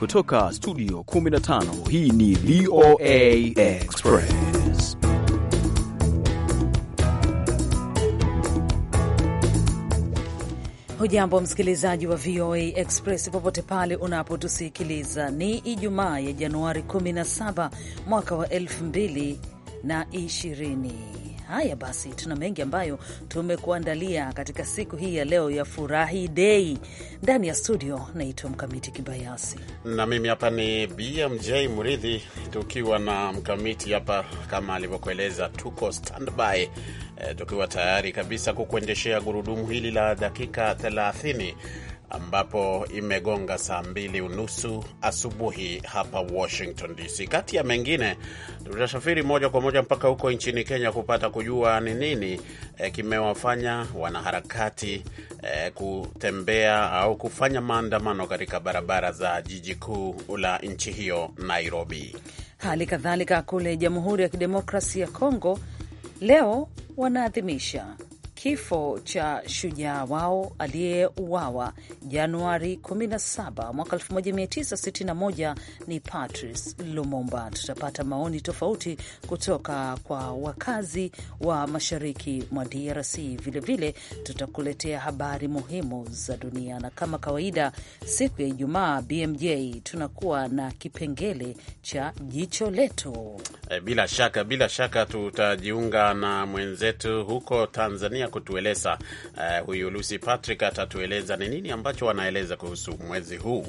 Kutoka studio 15 hii ni VOA Express. Hujambo msikilizaji wa VOA Express popote pale unapotusikiliza. Ni Ijumaa ya Januari 17 mwaka wa 2020. Haya basi, tuna mengi ambayo tumekuandalia katika siku hii ya leo ya furahi dei. Ndani ya studio naitwa Mkamiti Kibayasi na mimi hapa ni BMJ mridhi tukiwa na Mkamiti hapa kama alivyokueleza, tuko standby e, tukiwa tayari kabisa kukuendeshea gurudumu hili la dakika 30 ambapo imegonga saa mbili unusu asubuhi hapa Washington DC. Kati ya mengine, tutasafiri moja kwa moja mpaka huko nchini Kenya kupata kujua ni nini e, kimewafanya wanaharakati e, kutembea au kufanya maandamano katika barabara za jiji kuu la nchi hiyo Nairobi. Hali kadhalika kule Jamhuri ya Kidemokrasi ya Kongo leo wanaadhimisha kifo cha shujaa wao aliyeuawa Januari 17 mwaka 1961 ni Patrice Lumumba. Tutapata maoni tofauti kutoka kwa wakazi wa mashariki mwa DRC. Vilevile tutakuletea habari muhimu za dunia, na kama kawaida siku ya Ijumaa BMJ tunakuwa na kipengele cha jicho letu. Eh, bila shaka, bila shaka tutajiunga na mwenzetu huko Tanzania kutueleza uh, huyu Lucy Patrick atatueleza ni nini ambacho wanaeleza kuhusu mwezi huu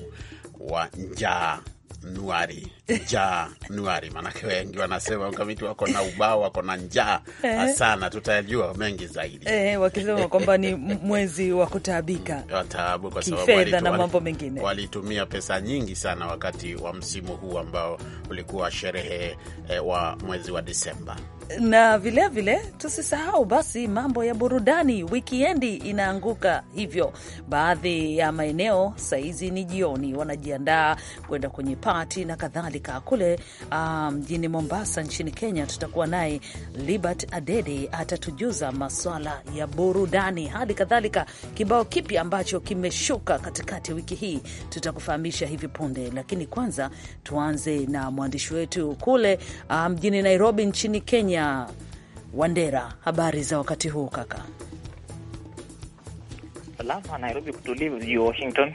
wa njaa Nuari. Januari, maanake wengi wanasema mkamiti wako na ubao wako na njaa eh. sana. Tutajua mengi zaidi eh, wakisema kwamba ni mwezi wa kutaabika mm, wataabu, kwa sababu kifedha na mambo mengine walitumia pesa nyingi sana wakati wa msimu huu ambao ulikuwa sherehe eh, wa mwezi wa Disemba na vilevile tusisahau basi mambo ya burudani. Wikiendi inaanguka hivyo, baadhi ya maeneo saizi ni jioni, wanajiandaa kwenda kwenye pati na kadhalika. Afrika kule mjini um, Mombasa nchini Kenya. Tutakuwa naye Libert Adede atatujuza maswala ya burudani, hali kadhalika kibao kipya ambacho kimeshuka katikati ya wiki hii tutakufahamisha hivi punde, lakini kwanza tuanze na mwandishi wetu kule mjini um, Nairobi nchini Kenya. Wandera, habari za wakati huu kaka? Salama Nairobi, kutulivu Washington.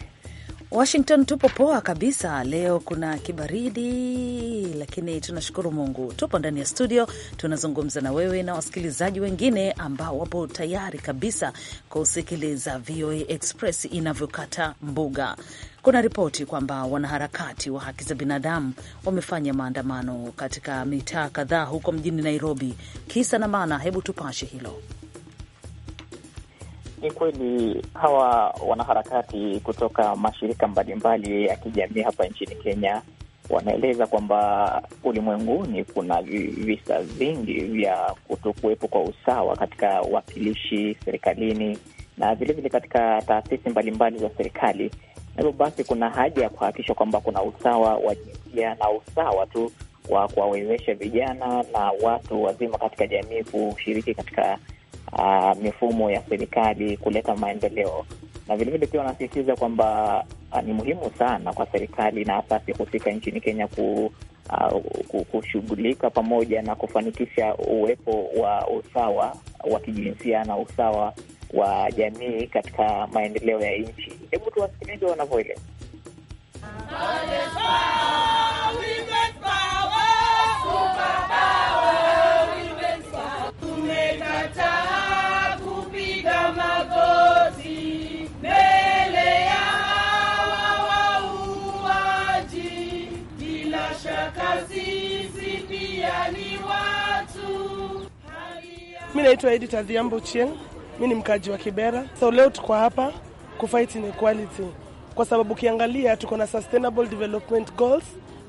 Washington tupo poa kabisa leo, kuna kibaridi lakini tunashukuru Mungu, tupo ndani ya studio tunazungumza na wewe na wasikilizaji wengine ambao wapo tayari kabisa kusikiliza VOA Express inavyokata mbuga. Kuna ripoti kwamba wanaharakati wa haki za binadamu wamefanya maandamano katika mitaa kadhaa huko mjini Nairobi. Kisa na maana, hebu tupashe hilo. Ni kweli hawa wanaharakati kutoka mashirika mbalimbali ya kijamii hapa nchini Kenya wanaeleza kwamba ulimwenguni kuna visa vingi vya kutokuwepo kwa usawa katika uwakilishi serikalini na vilevile katika taasisi mbalimbali za serikali. Na hivyo basi, kuna haja ya kuhakikisha kwamba kuna usawa wa jinsia na usawa tu wa kuwawezesha vijana na watu wazima katika jamii kushiriki katika uh, mifumo ya serikali kuleta maendeleo, na vilevile pia wanasisitiza kwamba uh, ni muhimu sana kwa serikali na asasi husika nchini Kenya ku Uh, kushughulika pamoja na kufanikisha uwepo wa usawa wa kijinsia na usawa wa jamii katika maendeleo ya nchi. Hebu tuwasikilize wanavyoeleza. Mi naitwa Edith Adhiambo Chieng, mi ni mkaji wa Kibera. So leo tuko hapa kufight inequality kwa sababu ukiangalia tuko na sustainable development goals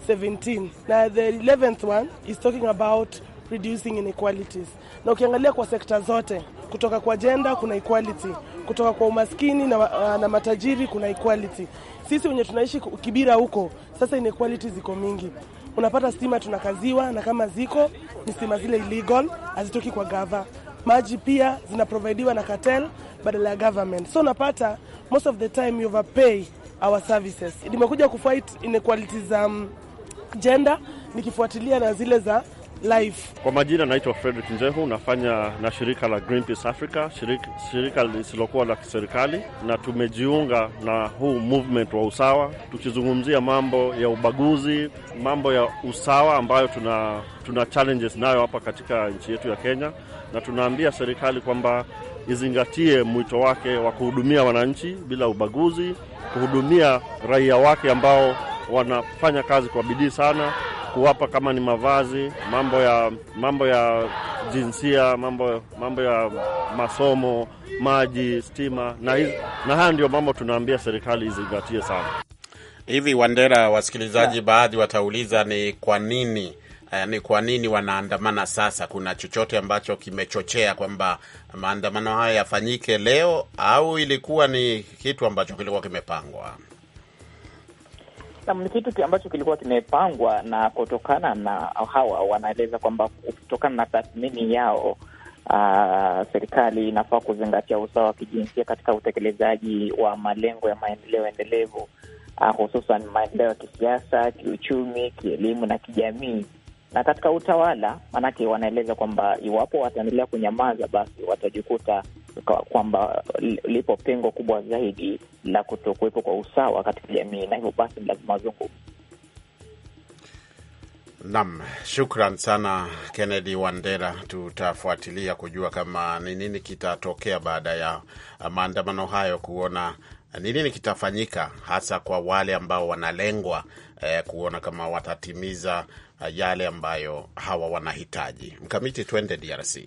17 na the 11th one is talking about reducing inequalities, na ukiangalia kwa sekta zote, kutoka kwa jenda kuna equality, kutoka kwa umaskini na, uh, na matajiri kuna equality. Sisi wenye tunaishi Kibira huko sasa inequality ziko mingi. Unapata stima tunakaziwa, na kama ziko ni stima zile illegal, hazitoki kwa gava. Maji pia zinaprovidiwa na cartel badala ya government, so unapata most of the time you overpay our services. Nimekuja kufight inequalities za um, gender nikifuatilia na zile za life. Kwa majina naitwa Fredrick Njehu, nafanya na shirika la Greenpeace Africa, shirika, shirika lisilokuwa la kiserikali, na tumejiunga na huu movement wa usawa, tukizungumzia mambo ya ubaguzi, mambo ya usawa ambayo tuna, tuna challenges nayo hapa katika nchi yetu ya Kenya, na tunaambia serikali kwamba izingatie mwito wake wa kuhudumia wananchi bila ubaguzi, kuhudumia raia wake ambao wanafanya kazi kwa bidii sana kuwapa kama ni mavazi, mambo ya mambo ya jinsia, mambo, mambo ya masomo, maji, stima na, na haya ndio mambo tunaambia serikali izingatie sana. Hivi Wandera, wasikilizaji yeah, baadhi watauliza ni kwa nini eh, ni kwa nini wanaandamana sasa? Kuna chochote ambacho kimechochea kwamba maandamano haya yafanyike leo, au ilikuwa ni kitu ambacho kilikuwa kimepangwa? Ni kitu ambacho kilikuwa kimepangwa, na kutokana na hawa wanaeleza kwamba kutokana na tathmini yao Uh, serikali inafaa kuzingatia usawa wa kijinsia katika utekelezaji wa malengo ya maendeleo endelevu, uh, hususan maendeleo ya kisiasa, kiuchumi, kielimu na kijamii, na katika utawala, maanake wanaeleza kwamba iwapo wataendelea kunyamaza, basi watajikuta kwamba lipo pengo kubwa zaidi la kutokuwepo kwa usawa katika jamii, na hivyo basi lazima wazungumze. Nam, shukran sana Kennedy Wandera. Tutafuatilia kujua kama ni nini kitatokea baada ya maandamano hayo, kuona ni nini kitafanyika hasa kwa wale ambao wanalengwa, eh, kuona kama watatimiza yale ambayo hawa wanahitaji. Mkamiti, twende DRC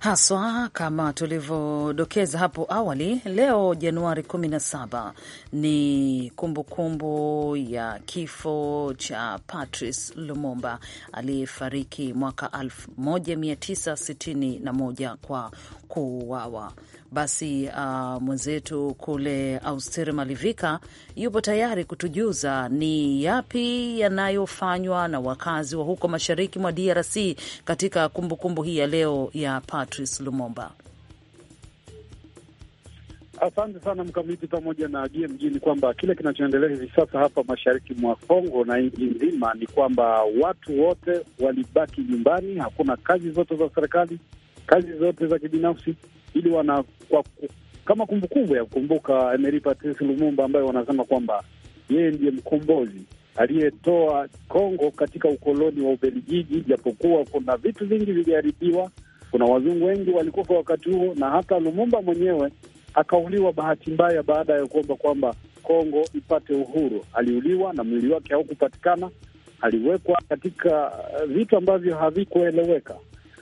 haswa kama tulivyodokeza hapo awali, leo Januari 17 ni kumbukumbu kumbu ya kifo cha Patrice Lumumba aliyefariki mwaka 1961 kwa kuuawa. Basi uh, mwenzetu kule Austeri Malivika yupo tayari kutujuza ni yapi yanayofanywa na wakazi wa huko mashariki mwa DRC katika kumbukumbu hii ya leo ya Patrice Lumumba. Asante sana Mkamiti pamoja na GMG. Ni kwamba kile kinachoendelea hivi sasa hapa mashariki mwa Kongo na nchi nzima ni kwamba watu wote walibaki nyumbani, hakuna kazi zote za serikali, kazi zote za kibinafsi, ili wana kwa, kama kumbukumbu ya kukumbuka Emery Patrice Lumumba ambaye wanasema kwamba yeye ndiye mkombozi aliyetoa Kongo katika ukoloni wa Ubelgiji, japokuwa kuna vitu vingi viliharibiwa, kuna wazungu wengi walikufa wakati huo, na hata Lumumba mwenyewe akauliwa bahati mbaya baada ya kuomba kwamba Kongo ipate uhuru. Aliuliwa na mwili wake haukupatikana, aliwekwa katika uh, vitu ambavyo havikueleweka.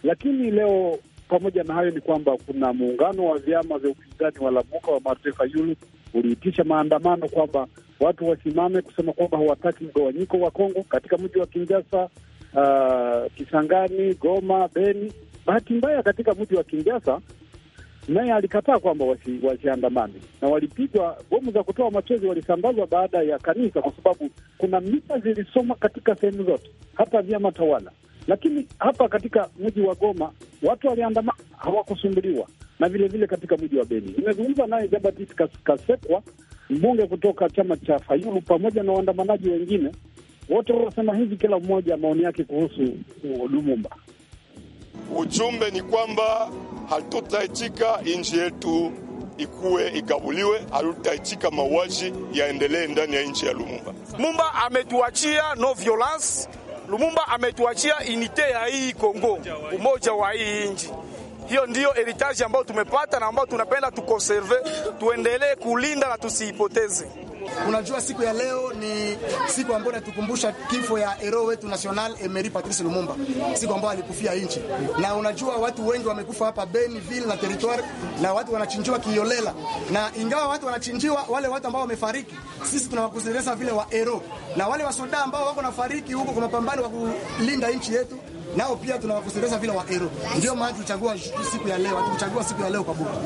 Lakini leo pamoja na hayo ni kwamba kuna muungano wa vyama vya upinzani wa Lamuka wa Martin Fayulu uliitisha maandamano kwamba watu wasimame kusema kwamba hawataki mgawanyiko wa Kongo katika mji wa Kinjasa, uh, Kisangani, Goma, Beni. Bahati mbaya katika mji wa Kinjasa naye alikataa kwamba wasi, na walipigwa bomu za kutoa machozi, walisambazwa baada ya kanisa, kwa sababu kuna mita zilisoma katika sehemu zote, hata vyama tawala. Lakini hapa katika mji wa Goma watu waliandamana, hawakusumbuliwa na vilevile vile katika mji wa Beni. Nimezungumza naye Jabatis Kasekwa mbunge kutoka chama cha Fayulu pamoja na waandamanaji wengine wote wanasema hivi, kila mmoja maoni yake kuhusu Lumumba. Ujumbe ni kwamba hatutaitika nchi yetu ikuwe ikabuliwe, hatutaitika mauaji yaendelee ndani ya nchi ya Lumumba. Lumumba ametuachia no violence. Lumumba ametuachia unite ya hii Kongo, umoja wa hii nchi. Hiyo ndiyo heritage ambayo tumepata na ambayo tunapenda tukonserve, tuendelee kulinda na tusiipoteze. Unajua, siku ya leo ni siku ambayo natukumbusha kifo ya hero wetu national Emery Patrice Lumumba, siku ambayo alikufia nchi. Na unajua watu wengi wamekufa hapa Beni ville na territoire, na watu wanachinjiwa kiolela, na ingawa watu wanachinjiwa, wale watu ambao wamefariki, sisi tunawakuzeleza vile wa hero, na wale wasoda ambao wako nafariki huko kwa mapambano wa kulinda nchi yetu nao pia tunawakosebesha vile wa ero. Ndio maana tulichagua siku ya leo, tulichagua siku ya leo kwa buku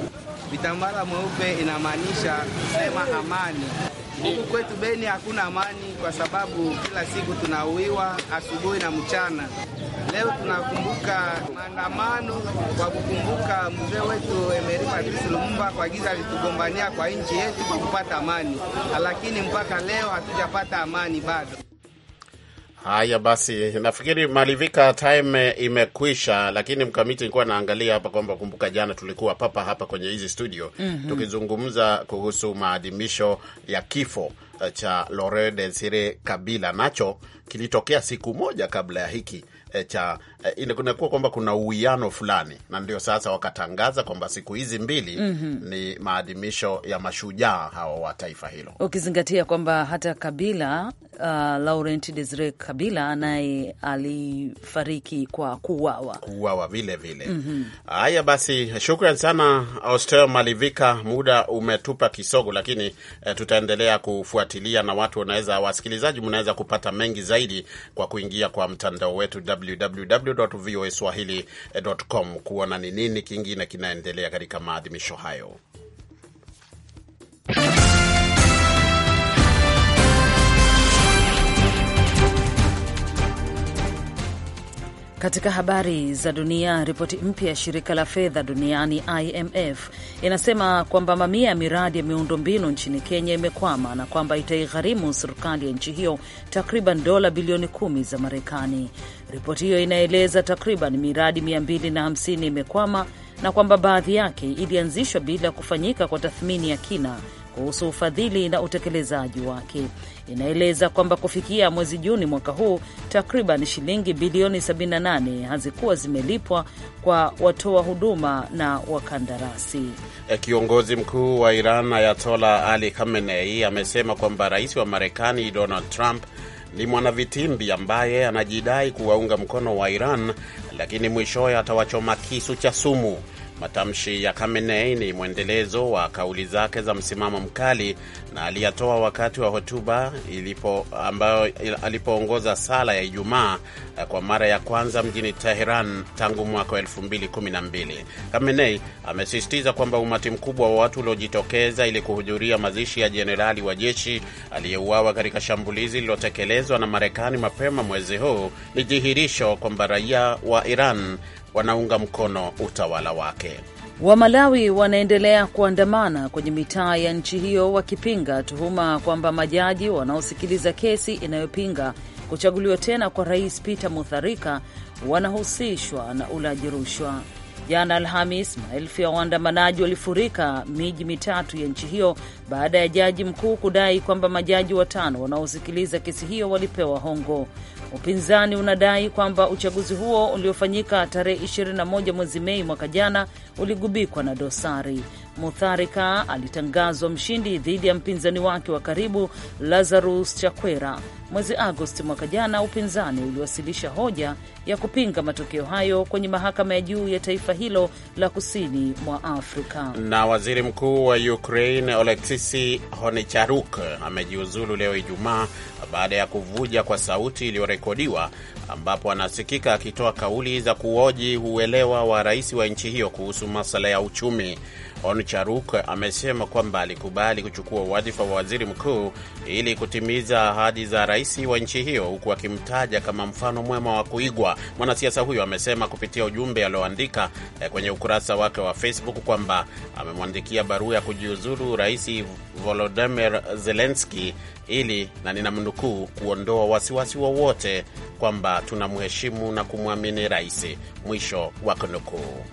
Vitambara mweupe, inamaanisha kusema amani. Huku kwetu Beni hakuna amani, kwa sababu kila siku tunauiwa asubuhi na mchana. Leo tunakumbuka maandamano kwa kukumbuka mzee wetu Emery Patrice Lumumba kwa giza alitugombania kwa nchi yetu kwa kupata amani, lakini mpaka leo hatujapata amani bado. Haya basi, nafikiri malivika time imekwisha, lakini mkamiti nilikuwa naangalia hapa kwamba kumbuka, jana tulikuwa papa hapa kwenye hizi studio mm -hmm. tukizungumza kuhusu maadhimisho ya kifo Eh, cha Laurent Desire Kabila nacho kilitokea siku moja kabla ya hiki eh, cha eh, inakuwa kwamba kuna uwiano fulani, na ndio sasa wakatangaza kwamba siku hizi mbili mm -hmm. ni maadhimisho ya mashujaa hawa wa taifa hilo, ukizingatia kwamba hata Kabila uh, Laurent Desire Kabila naye alifariki kwa kuuawa kuuawa vile vile. mm haya -hmm. Basi, shukran sana Austel Malivika, muda umetupa kisogo, lakini eh, tutaendelea kufuatilia kufuatilia, na watu wanaweza, wasikilizaji, mnaweza kupata mengi zaidi kwa kuingia kwa mtandao wetu www.voaswahili.com kuona ni nini kingine kinaendelea katika maadhimisho hayo. Katika habari za dunia, ripoti mpya ya shirika la fedha duniani IMF inasema kwamba mamia ya miradi ya miundombinu nchini Kenya imekwama na kwamba itaigharimu serikali ya nchi hiyo takriban dola bilioni kumi za Marekani. Ripoti hiyo inaeleza takriban miradi 250 imekwama na kwamba baadhi yake ilianzishwa bila kufanyika kwa tathmini ya kina kuhusu ufadhili na utekelezaji wake. Inaeleza kwamba kufikia mwezi Juni mwaka huu takriban shilingi bilioni 78 hazikuwa zimelipwa kwa watoa huduma na wakandarasi. Eh, kiongozi mkuu wa Iran Ayatola Ali Khamenei amesema kwamba rais wa Marekani Donald Trump ni mwanavitimbi ambaye anajidai kuwaunga mkono wa Iran, lakini mwishowe atawachoma kisu cha sumu. Matamshi ya Khamenei ni mwendelezo wa kauli zake za msimamo mkali na aliyatoa wakati wa hotuba ilipo ambayo alipoongoza sala ya Ijumaa eh, kwa mara ya kwanza mjini Teheran tangu mwaka wa 2012. Khamenei amesisitiza kwamba umati mkubwa wa watu uliojitokeza ili kuhudhuria mazishi ya jenerali wa jeshi aliyeuawa katika shambulizi lililotekelezwa na Marekani mapema mwezi huu ni dhihirisho kwamba raia wa Iran wanaunga mkono utawala wake. Wamalawi wanaendelea kuandamana kwenye mitaa ya nchi hiyo wakipinga tuhuma kwamba majaji wanaosikiliza kesi inayopinga kuchaguliwa tena kwa rais Peter Mutharika wanahusishwa na ulaji rushwa. Jana Alhamis, maelfu ya waandamanaji walifurika miji mitatu ya nchi hiyo baada ya jaji mkuu kudai kwamba majaji watano wanaosikiliza kesi hiyo walipewa hongo. Upinzani unadai kwamba uchaguzi huo uliofanyika tarehe 21 mwezi Mei mwaka jana uligubikwa na dosari. Mutharika alitangazwa mshindi dhidi ya mpinzani wake wa karibu Lazarus Chakwera. Mwezi Agosti mwaka jana, upinzani uliwasilisha hoja ya kupinga matokeo hayo kwenye mahakama ya juu ya taifa hilo la kusini mwa Afrika. Na waziri mkuu wa Ukraine Oleksisi honicharuk amejiuzulu leo Ijumaa baada ya kuvuja kwa sauti iliyorekodiwa ambapo anasikika akitoa kauli za kuoji uelewa wa rais wa nchi hiyo kuhusu masuala ya uchumi. Oncharuk amesema kwamba alikubali kuchukua wadhifa wa waziri mkuu ili kutimiza ahadi za rais wa nchi hiyo, huku akimtaja kama mfano mwema wa kuigwa. Mwanasiasa huyo amesema kupitia ujumbe alioandika eh, kwenye ukurasa wake wa Facebook kwamba amemwandikia barua ya kujiuzuru rais Volodymyr Zelensky ili na ninamnukuu, kuondoa wasiwasi wowote wa kwamba tunamheshimu na kumwamini rais, mwisho wa kunukuu.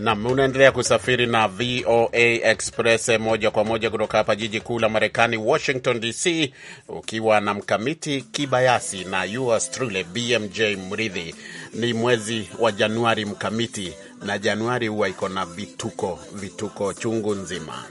Nam, unaendelea kusafiri na VOA Express moja kwa moja kutoka hapa jiji kuu la Marekani, Washington DC, ukiwa na Mkamiti Kibayasi na yours truly BMJ Mridhi. Ni mwezi wa Januari Mkamiti, na Januari huwa iko na vituko, vituko chungu nzima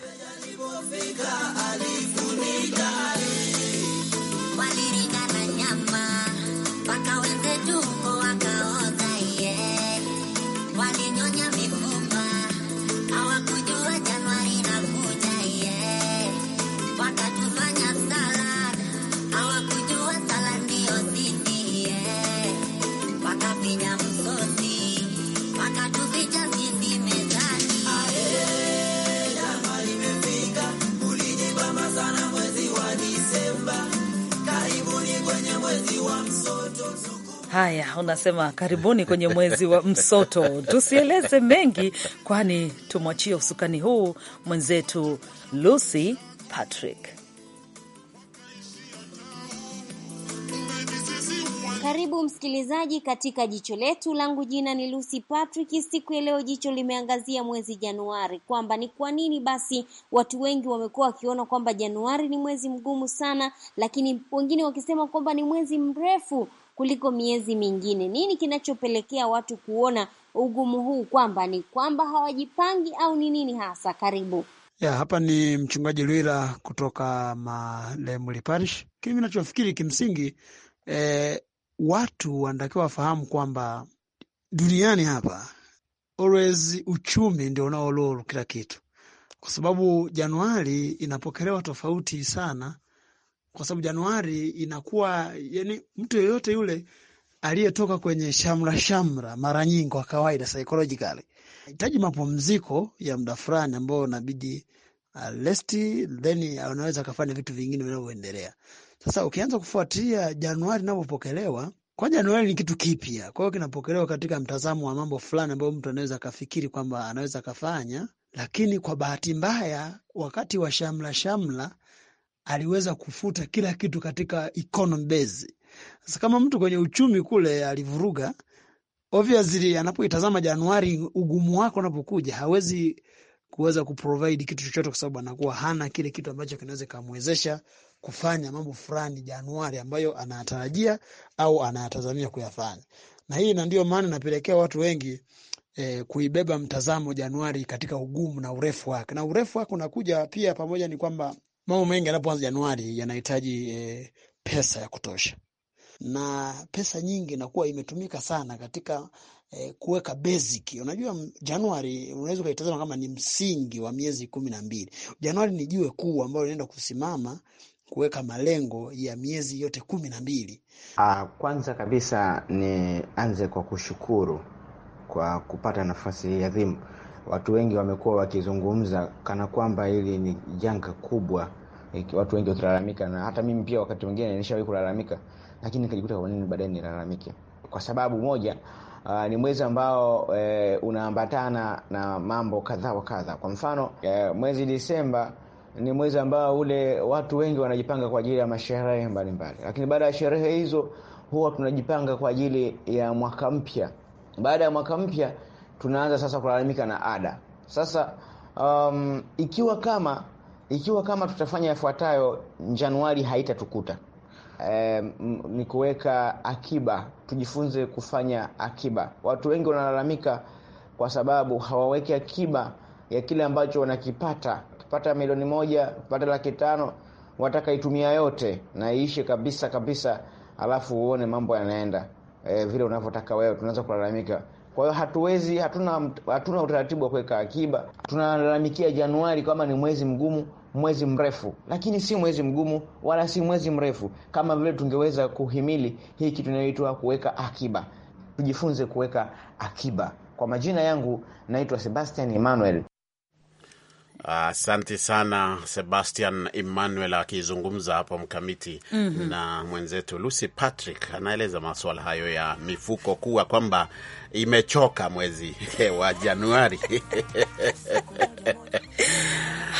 Haya, unasema karibuni kwenye mwezi wa Msoto. Tusieleze mengi, kwani tumwachie usukani huu mwenzetu Lucy Patrick. Karibu msikilizaji katika jicho letu. Langu jina ni Lucy Patrick. Siku ya leo jicho limeangazia mwezi Januari, kwamba ni kwa nini basi watu wengi wamekuwa wakiona kwamba Januari ni mwezi mgumu sana, lakini wengine wakisema kwamba ni mwezi mrefu kuliko miezi mingine. Nini kinachopelekea watu kuona ugumu huu, kwamba ni kwamba hawajipangi au ni nini hasa? Karibu. Ya, hapa ni mchungaji Lwila kutoka Malemuli Parish. Kimi ninachofikiri kimsingi, eh, watu wanatakiwa wafahamu kwamba duniani hapa always uchumi ndio unaololo kila kitu, kwa sababu Januari inapokelewa tofauti sana, kwa sababu Januari inakuwa yani, mtu yeyote yule aliyetoka kwenye shamra shamra mara nyingi, kwa kawaida psychologically hitaji mapumziko ya muda fulani ambayo inabidi rest, then anaweza akafanya vitu vingine vinavyoendelea. Sasa ukianza kufuatia Januari inavyopokelewa kwa Januari ni kitu kipya, kwa hiyo kinapokelewa katika mtazamo wa mambo fulani ambayo mtu anaweza akafikiri kwamba anaweza akafanya, lakini kwa bahati mbaya, wakati wa shamla shamla aliweza kufuta kila kitu katika economy base. Sasa kama mtu kwenye uchumi kule alivuruga, obviously anapoitazama Januari, ugumu wako unapokuja hawezi kuweza kuprovide kitu chochote, kwa sababu anakuwa hana kile kitu ambacho kinaweza kumwezesha kufanya mambo fulani Januari ambayo anatarajia au anatazamia kuyafanya, na hii na ndio maana inapelekea watu wengi E, kuibeba mtazamo Januari katika ugumu na urefu wake, na urefu wake unakuja pia pamoja ni kwamba mambo mengi yanapoanza Januari yanahitaji e, pesa ya kutosha, na pesa nyingi inakuwa imetumika sana katika e, kuweka basic. Unajua, Januari unaweza ukaitazama kama ni msingi wa miezi kumi na mbili. Januari ni jiwe kuu ambalo linaenda kusimama kuweka malengo ya miezi yote kumi na mbili. Ah, kwanza kabisa nianze kwa kushukuru kwa kupata nafasi hii adhimu. Watu wengi wamekuwa wakizungumza kana kwamba hili ni janga kubwa, watu wengi wakilalamika, na hata mimi pia wakati mwingine nilishawahi kulalamika, lakini nikajikuta kwa nini baadaye nilalamike, kwa sababu moja Uh, ni mwezi ambao eh, unaambatana na mambo kadha wa kadha. Kwa mfano eh, mwezi Disemba ni mwezi ambao ule watu wengi wanajipanga kwa ajili ya masherehe mbalimbali, lakini baada ya sherehe hizo huwa tunajipanga kwa ajili ya mwaka mpya. Baada ya mwaka mpya tunaanza sasa kulalamika na ada. Sasa um, ikiwa kama ikiwa kama tutafanya yafuatayo, Januari haitatukuta. E, ni kuweka akiba. Tujifunze kufanya akiba. Watu wengi wanalalamika kwa sababu hawaweki akiba ya kile ambacho wanakipata ukipata milioni moja, ukipata laki tano, wataka itumia yote na iishe kabisa kabisa, alafu uone mambo yanaenda e, vile unavyotaka wewe. Tunaweza kulalamika. Kwa hiyo hatuwezi, hatuna hatuna utaratibu wa kuweka akiba. Tunalalamikia Januari kama ni mwezi mgumu, mwezi mrefu, lakini si mwezi mgumu wala si mwezi mrefu, kama vile tungeweza kuhimili hii kitu inayoitwa kuweka akiba. Tujifunze kuweka akiba. Kwa majina yangu naitwa Sebastian Emmanuel. Asante uh, sana Sebastian Emmanuel akizungumza hapo mkamiti mm -hmm. na mwenzetu Lucy Patrick anaeleza masuala hayo ya mifuko kuwa kwamba imechoka mwezi wa Januari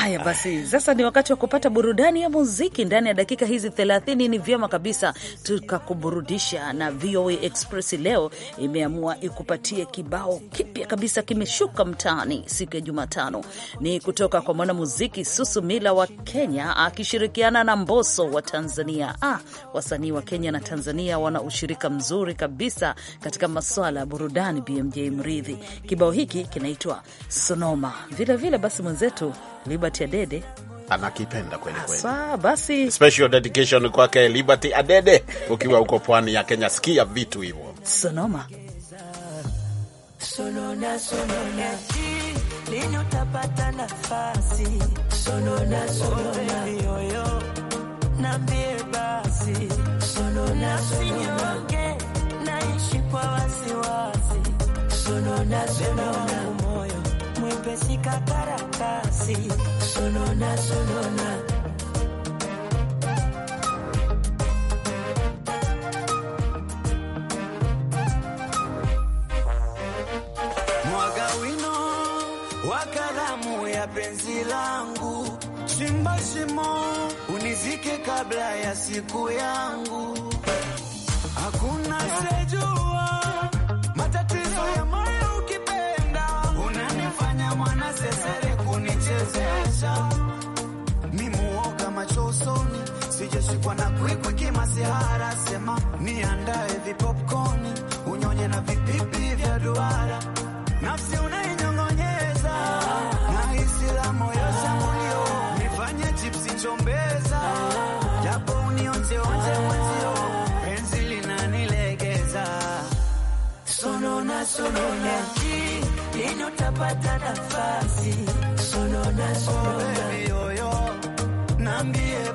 Haya basi, sasa ni wakati wa kupata burudani ya muziki. Ndani ya dakika hizi 30. ni vyema kabisa tukakuburudisha, na VOA Express leo imeamua ikupatie kibao kipya kabisa, kimeshuka mtaani siku ya Jumatano. Ni kutoka kwa mwanamuziki Susumila wa Kenya akishirikiana na mboso wa Tanzania. Ah, wasanii wa Kenya na Tanzania wana ushirika mzuri kabisa katika maswala ya burudani. BMJ Mridhi, kibao hiki kinaitwa Sonoma. Vilevile basi mwenzetu Liberty Adede anakipenda kweli kweli. Sasa basi, special dedication kwake Liberty Adede, ukiwa huko pwani ya Kenya, sikia vitu hivyo sonoma sonona sonona, lini utapata nafasi sonona sonona, yoyo nambie basi sonona sonona, naishi kwa wasiwasi sonona sonona ameshika karatasi sonona, sonona. Mwaga wino wa karamu ya penzi langu, chimba shimo unizike kabla ya siku yangu, hakuna sejua wanakwikwi masihara, sema niandae vipopkoni unyonye na vipipi vya duara, nafsi unainyong'onyeza na isila moyo shambulio, nifanye chipsi chombeza, japo unionjeonje mwenzio, penzi linanilegeza sonona sonona, lini utapata nafasi? Sonona sonona, oh baby yoyo, nambie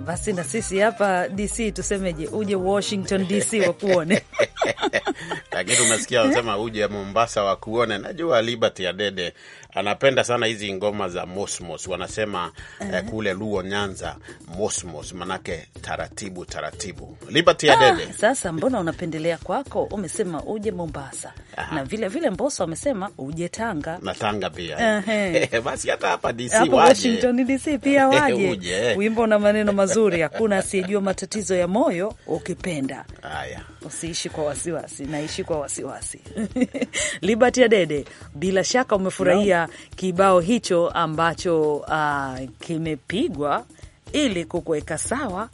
basi na sisi hapa DC tusemeje, uje Washington DC wakuone lakini umesikia anasema uje Mombasa wakuone. Najua Liberty Adede anapenda sana hizi ngoma za Mosmos, wanasema uh, eh, mhm. kule Luo Nyanza Mosmos manake taratibu taratibu. Liberty ah, Adede, ah, sasa mbona unapendelea kwako? Umesema uje Mombasa Aha. na vile vile Mboso amesema uje Tanga na Tanga pia uh, basi hata hapa DC waje, Washington DC pia eh, waje. uje. Wimbo na maneno mazuri, hakuna asiyejua matatizo ya moyo. Ukipenda haya usiishi kwa wasiwasi, naishi kwa wasiwasi Liberty Adede, bila shaka umefurahia no. kibao hicho ambacho uh, kimepigwa ili kukuweka sawa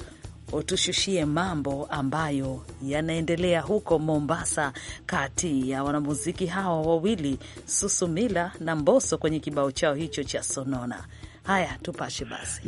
utushushie mambo ambayo yanaendelea huko Mombasa, kati ya wanamuziki hawa wawili Susumila na Mboso kwenye kibao chao hicho cha Sonona. Haya, tupashe basi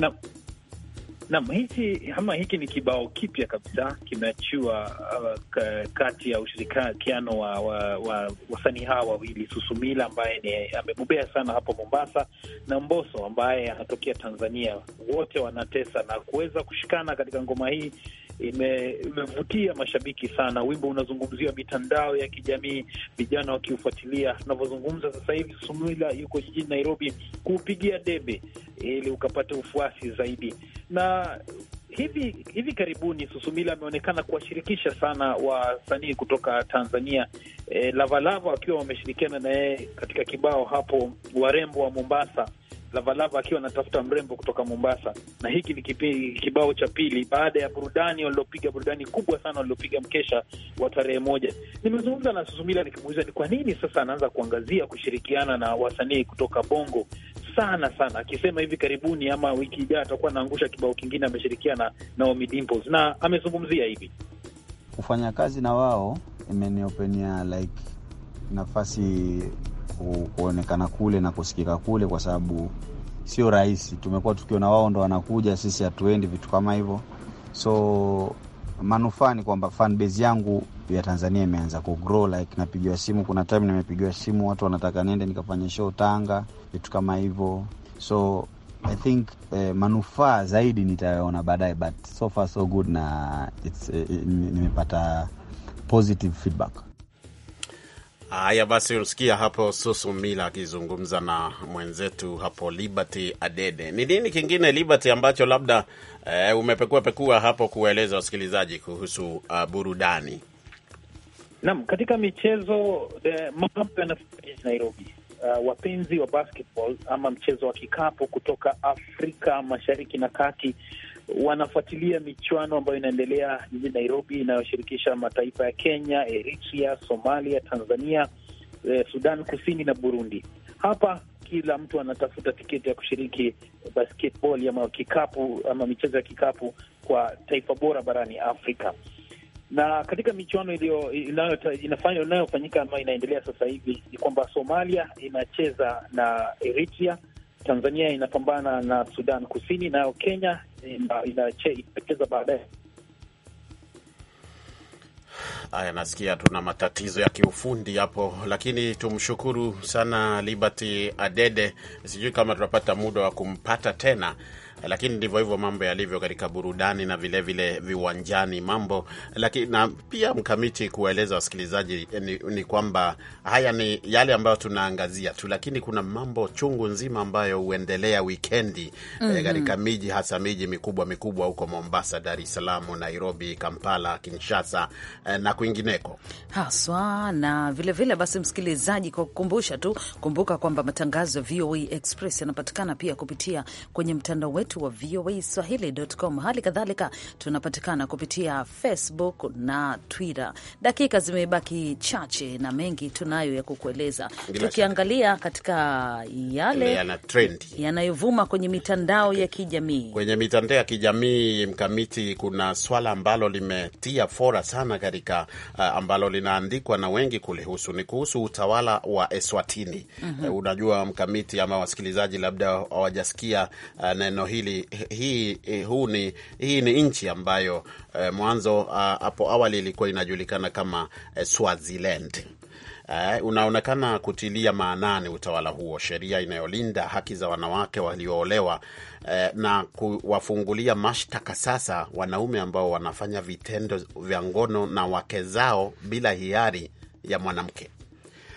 Nam, hiki ama hiki ni kibao kipya kabisa kimeachiwa uh, kati ya ushirikiano wa, wa, wa wasanii hawa wawili Susumila ambaye ni amebobea sana hapo Mombasa na Mboso ambaye anatokea Tanzania. Wote wanatesa na kuweza kushikana katika ngoma hii imevutia ime mashabiki sana. Wimbo unazungumziwa mitandao ya kijamii, vijana wakiufuatilia. Tunavyozungumza sasa hivi, Susumila yuko jijini Nairobi kuupigia debe ili ukapate ufuasi zaidi na hivi hivi karibuni Susumila ameonekana kuwashirikisha sana wasanii kutoka Tanzania, e, Lavalava wakiwa wameshirikiana na yeye katika kibao hapo, warembo wa Mombasa. Lavalava akiwa anatafuta mrembo kutoka Mombasa, na hiki ni kibao cha pili baada ya burudani waliopiga burudani kubwa sana waliopiga mkesha wa tarehe moja. Nimezungumza na Susumila nikimuuliza ni kwa nini sasa anaanza kuangazia kushirikiana na wasanii kutoka Bongo sana sana, akisema hivi karibuni ama wiki ijayo atakuwa anaangusha kibao kingine, ameshirikiana na Naomi Dimples na amezungumzia hivi kufanya kazi na wao imeniopenia like nafasi kuonekana kule na kusikika kule, kwa sababu sio rahisi. Tumekuwa tukiona wao ndo wanakuja, sisi hatuendi, vitu kama hivyo. So manufaa ni kwamba fan yangu ya Tanzania imeanza kugrow like, napigiwa simu, kuna time nimepigiwa simu watu wanataka niende nikafanya show Tanga, vitu kama hivyo, so I think eh, manufaa zaidi nitayaona baadaye, but so far so good na it's, eh, eh nimepata positive feedback. Haya basi, usikia hapo Susu Mila akizungumza na mwenzetu hapo Liberty Adede. Ni nini kingine Liberty ambacho labda eh, umepekua pekua hapo kuwaeleza wasikilizaji kuhusu uh, burudani? Naam, katika michezo eh, mambo yanafanyia Nairobi. Uh, wapenzi wa basketball ama mchezo wa kikapu kutoka Afrika Mashariki na Kati wanafuatilia michuano ambayo inaendelea jijini Nairobi inayoshirikisha mataifa ya Kenya, Eritrea, Somalia, Tanzania, eh, Sudan Kusini na Burundi. Hapa kila mtu anatafuta tiketi ya kushiriki basketball ama kikapu ama michezo ya kikapu kwa taifa bora barani Afrika na katika michuano inayofanyika inayo inaendelea sasa hivi ni kwamba Somalia inacheza na Eritrea, Tanzania inapambana na Sudan Kusini, nayo Kenya inacheza baadaye. Haya, nasikia tuna matatizo ya kiufundi hapo, lakini tumshukuru sana Liberty Adede. Sijui kama tunapata muda wa kumpata tena lakini ndivyo hivyo mambo yalivyo katika burudani na vilevile vile viwanjani mambo. Lakini na pia mkamiti kuwaeleza wasikilizaji eh, ni, ni kwamba haya ni yale ambayo tunaangazia tu, lakini kuna mambo chungu nzima ambayo huendelea wikendi mm -hmm. katika miji hasa miji mikubwa mikubwa huko Mombasa, Dar es Salaam, Nairobi, Kampala, Kinshasa eh, na kwingineko haswa. Na vilevile vile basi, msikilizaji, kwa kukumbusha tu, kumbuka kwamba matangazo ya VOA e Express yanapatikana pia kupitia kwenye mtandao wetu wetu wa VOA Swahili.com. Hali kadhalika tunapatikana kupitia Facebook na Twitter. Dakika zimebaki chache na mengi tunayo ya kukueleza, tukiangalia katika yale yanayovuma kwenye mitandao ya kijamii. Kwenye mitandao ya kijamii mkamiti, kuna swala ambalo limetia fora sana katika uh, ambalo linaandikwa na wengi kulihusu, ni kuhusu utawala wa Eswatini. mm -hmm. Uh, unajua mkamiti ama wasikilizaji labda hawajasikia uh, neno hii hili hii, huu ni, hii ni nchi ambayo eh, mwanzo ah, hapo ah, awali ilikuwa inajulikana kama eh, Swaziland. Uh, unaonekana kutilia maanani utawala huo sheria inayolinda haki za wanawake walioolewa uh, na kuwafungulia mashtaka sasa wanaume ambao wanafanya vitendo vya ngono na wake zao bila hiari ya mwanamke.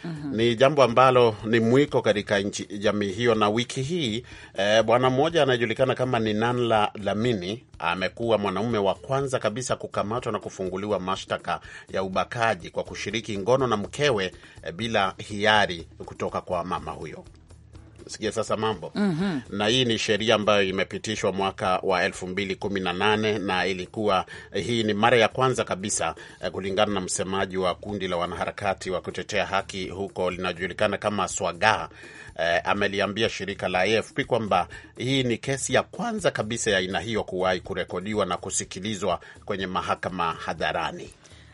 -hmm. Ni jambo ambalo ni mwiko katika nchi jamii hiyo. Na wiki hii eh, bwana mmoja anayejulikana kama Ninanla lamini amekuwa mwanaume wa kwanza kabisa kukamatwa na kufunguliwa mashtaka ya ubakaji kwa kushiriki ngono na mkewe eh, bila hiari kutoka kwa mama huyo sikia sasa mambo mm -hmm. Na hii ni sheria ambayo imepitishwa mwaka wa elfu mbili kumi na nane na ilikuwa eh, hii ni mara ya kwanza kabisa eh, kulingana na msemaji wa kundi la wanaharakati wa kutetea haki huko linajulikana kama Swaga. Eh, ameliambia shirika la AFP kwamba hii ni kesi ya kwanza kabisa ya aina hiyo kuwahi kurekodiwa na kusikilizwa kwenye mahakama hadharani.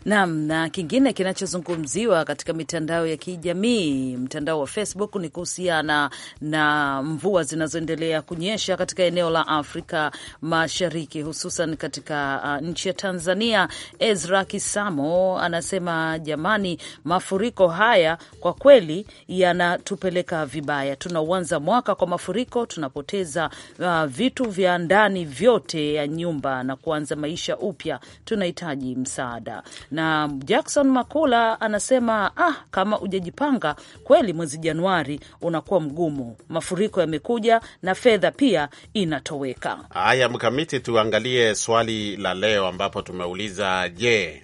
Naam, na kingine kinachozungumziwa katika mitandao ya kijamii, mtandao wa Facebook ni kuhusiana na mvua zinazoendelea kunyesha katika eneo la Afrika Mashariki, hususan katika uh, nchi ya Tanzania. Ezra Kisamo anasema jamani, mafuriko haya kwa kweli yanatupeleka vibaya. Tunauanza mwaka kwa mafuriko, tunapoteza uh, vitu vya ndani vyote ya nyumba na kuanza maisha upya. Tunahitaji msaada na Jackson Makula anasema ah, kama ujajipanga kweli, mwezi Januari unakuwa mgumu, mafuriko yamekuja na fedha pia inatoweka. Haya, Mkamiti, tuangalie swali la leo ambapo tumeuliza je,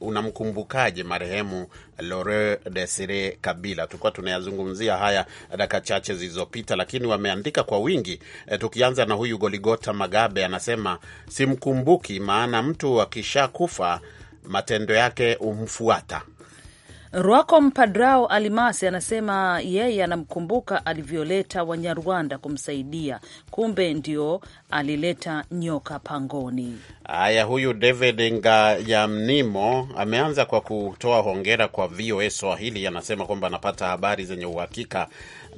unamkumbukaje marehemu Lore Desire Kabila? Tulikuwa tunayazungumzia haya dakika chache zilizopita, lakini wameandika kwa wingi e, tukianza na huyu Goligota Magabe anasema simkumbuki, maana mtu akishakufa matendo yake humfuata. Rwako Mpadrao Alimasi anasema yeye anamkumbuka alivyoleta Wanyarwanda kumsaidia, kumbe ndio alileta nyoka pangoni. Haya, huyu David Ngayamnimo ameanza kwa kutoa hongera kwa VOA Swahili, anasema kwamba anapata habari zenye uhakika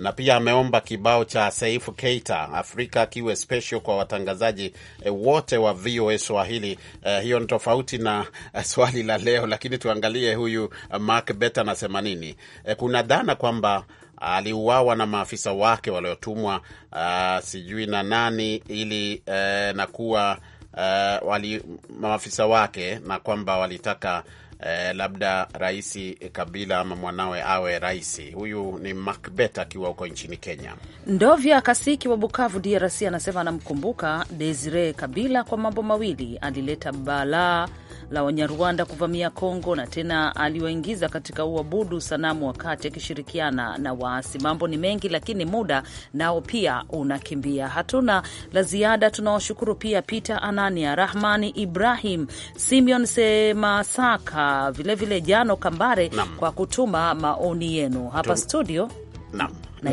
na pia ameomba kibao cha Saifu Keita Afrika kiwe special kwa watangazaji e, wote wa VOA Swahili. E, hiyo ni tofauti na e, swali la leo, lakini tuangalie huyu Mark Bet anasema nini. E, kuna dhana kwamba aliuawa na maafisa wake waliotumwa ah, sijui na nani ili e, na kuwa Uh, wali maafisa wake na kwamba walitaka eh, labda Rais Kabila ama mwanawe awe rais. Huyu ni Macbeth akiwa huko nchini Kenya. Ndovya Kasiki wa Bukavu, DRC, anasema anamkumbuka Desire Kabila kwa mambo mawili, alileta balaa la Wanyarwanda kuvamia Kongo na tena aliwaingiza katika uabudu sanamu wakati akishirikiana na waasi. Mambo ni mengi, lakini muda nao pia unakimbia. Hatuna la ziada. Tunawashukuru pia Peter Anania, Rahmani Ibrahim, Simeon Semasaka, vilevile Jano Kambare Nam. kwa kutuma maoni yenu hapa Tum. studio Nam.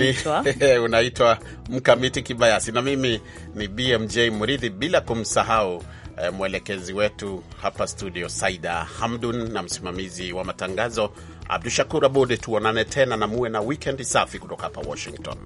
Eh, unaitwa Mkamiti Kibayasi na mimi ni BMJ Muridhi, bila kumsahau Eh, mwelekezi wetu hapa studio Saida Hamdun na msimamizi wa matangazo Abdu Shakur Abud. Tuonane tena na muwe na wikendi safi kutoka hapa Washington.